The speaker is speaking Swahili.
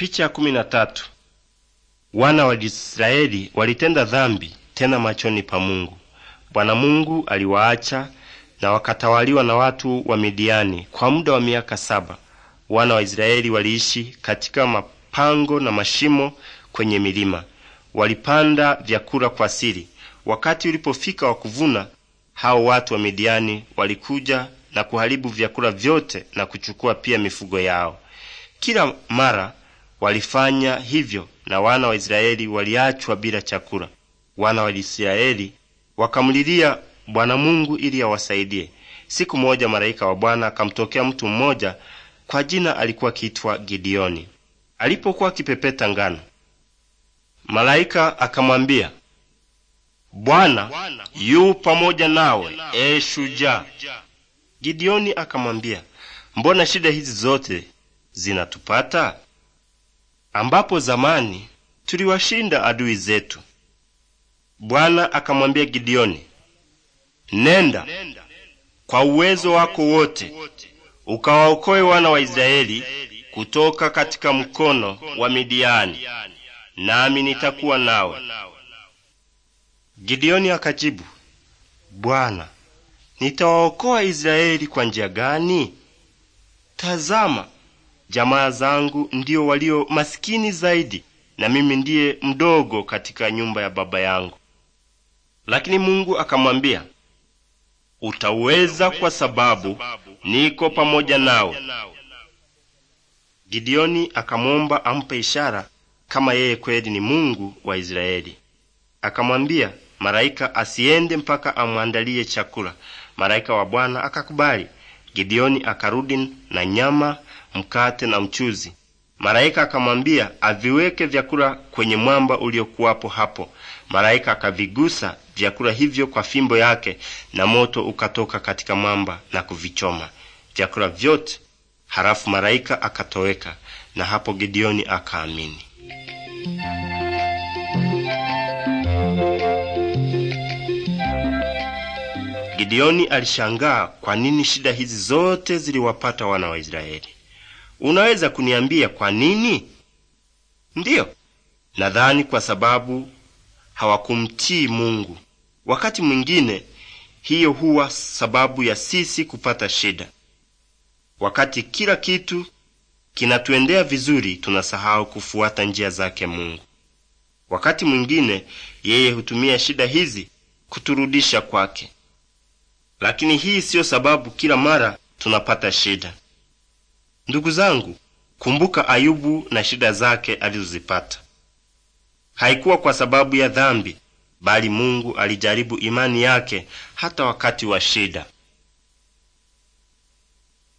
Picha kumi na tatu. Wana wa Israeli walitenda dhambi tena machoni pa Mungu. Bwana Mungu aliwaacha na wakatawaliwa na watu wa Midiani kwa muda wa miaka saba. Wana wa Israeli waliishi katika mapango na mashimo kwenye milima. Walipanda vyakula kwa siri. Wakati ulipofika wa kuvuna, hao watu wa Midiani walikuja na kuharibu vyakula vyote na kuchukua pia mifugo yao. Kila mara Walifanya hivyo na wana wa Israeli waliachwa bila chakula. Wana wa Israeli wakamlilia Bwana Mungu ili awasaidie. Siku moja malaika wa Bwana akamtokea mtu mmoja kwa jina alikuwa akiitwa Gideoni. Alipokuwa akipepeta ngano, malaika akamwambia, Bwana yu pamoja nawe, e shujaa. Gideoni akamwambia, mbona shida hizi zote zinatupata? ambapo zamani tuliwashinda adui zetu. Bwana akamwambia Gideoni, nenda kwa uwezo wako wote ukawaokoe wana wa Israeli kutoka katika mkono wa Midiani, nami nitakuwa nawe. Gideoni akajibu, Bwana, nitawaokoa Israeli kwa njia gani? Tazama, Jamaa zangu ndio walio masikini zaidi, na mimi ndiye mdogo katika nyumba ya baba yangu. Lakini Mungu akamwambia, utaweza kwa sababu niko pamoja nawe. Gideoni akamwomba ampe ishara kama yeye kweli ni Mungu wa Israeli. Akamwambia malaika asiende mpaka amwandalie chakula. Malaika wa Bwana akakubali. Gideoni akarudi na nyama mkate na mchuzi. Malaika akamwambia aviweke vyakula kwenye mwamba uliokuwapo hapo. Malaika akavigusa vyakula hivyo kwa fimbo yake, na moto ukatoka katika mwamba na kuvichoma vyakula vyote. Halafu malaika akatoweka, na hapo Gideoni akaamini. Gideoni alishangaa kwa nini shida hizi zote ziliwapata wana wa Israeli. Unaweza kuniambia kwa nini? Ndiyo, nadhani kwa sababu hawakumtii Mungu. Wakati mwingine hiyo huwa sababu ya sisi kupata shida. Wakati kila kitu kinatuendea vizuri, tunasahau kufuata njia zake Mungu. Wakati mwingine yeye hutumia shida hizi kuturudisha kwake, lakini hii siyo sababu kila mara tunapata shida. Ndugu zangu, kumbuka Ayubu na shida zake alizozipata. Haikuwa kwa sababu ya dhambi, bali Mungu alijaribu imani yake hata wakati wa shida.